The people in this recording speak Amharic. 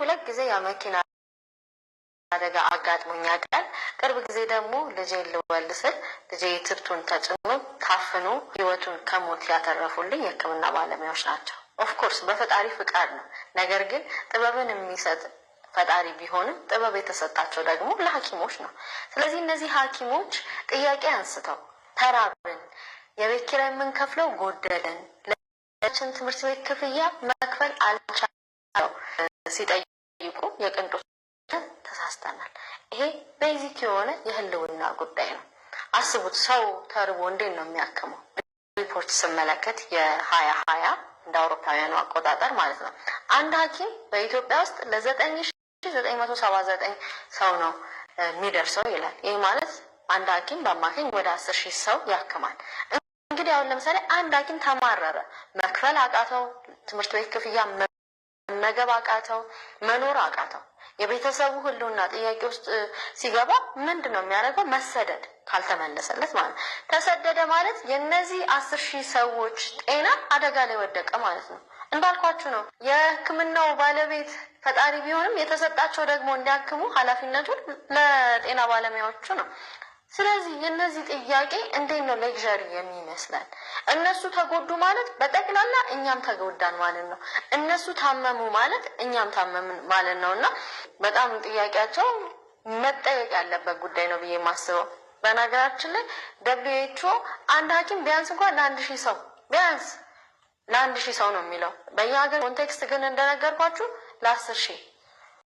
ሁለት ጊዜ የመኪና አደጋ ቀን ቅርብ ጊዜ ደግሞ ልጄ ልወልድ ስል ልጄ ትብቱን ተጭኖ ታፍኖ ህይወቱን ከሞት ያተረፉልኝ የህክምና ባለሙያዎች ናቸው። ኦፍኮርስ በፈጣሪ ፍቃድ ነው። ነገር ግን ጥበብን የሚሰጥ ፈጣሪ ቢሆንም ጥበብ የተሰጣቸው ደግሞ ለሐኪሞች ነው። ስለዚህ እነዚህ ሐኪሞች ጥያቄ አንስተው ተራብን፣ የቤት ኪራይ የምንከፍለው ጎደለን፣ ለችን ትምህርት ቤት ክፍያ መክፈል አልቻ ሲጠይቁ የቅንጦት ተሳስተናል። ይሄ ቤዚክ የሆነ የህልውና ጉዳይ ነው። አስቡት፣ ሰው ተርቦ እንዴት ነው የሚያክመው? ሪፖርት ስመለከት የሀያ ሀያ እንደ አውሮፓውያኑ አቆጣጠር ማለት ነው አንድ ሐኪም በኢትዮጵያ ውስጥ ለዘጠኝ ሺ ዘጠኝ መቶ ሰባ ዘጠኝ ሰው ነው የሚደርሰው ይላል። ይህ ማለት አንድ ሐኪም በአማካኝ ወደ አስር ሺህ ሰው ያክማል። እንግዲህ አሁን ለምሳሌ አንድ ሐኪም ተማረረ፣ መክፈል አቃተው፣ ትምህርት ቤት ክፍያ መመገብ አቃተው፣ መኖር አቃተው። የቤተሰቡ ህልውና ጥያቄ ውስጥ ሲገባ ምንድን ነው የሚያደርገው? መሰደድ ካልተመለሰለት ማለት ነው። ተሰደደ ማለት የነዚህ አስር ሺህ ሰዎች ጤና አደጋ ላይ ወደቀ ማለት ነው። እንዳልኳችሁ ነው የህክምናው ባለቤት ፈጣሪ ቢሆንም የተሰጣቸው ደግሞ እንዲያክሙ ኃላፊነቱን ለጤና ባለሙያዎቹ ነው። ስለዚህ የእነዚህ ጥያቄ እንዴት ነው ሌክዠሪ የሚመስላል? እነሱ ተጎዱ ማለት በጠቅላላ እኛም ተጎዳን ማለት ነው። እነሱ ታመሙ ማለት እኛም ታመምን ማለት ነው። እና በጣም ጥያቄያቸው መጠየቅ ያለበት ጉዳይ ነው ብዬ የማስበው። በነገራችን ላይ ደብሊው ኤች ኦ አንድ ሐኪም ቢያንስ እንኳን ለአንድ ሺህ ሰው ቢያንስ ለአንድ ሺህ ሰው ነው የሚለው። በየሀገር ኮንቴክስት ግን እንደነገርኳችሁ ለአስር ሺህ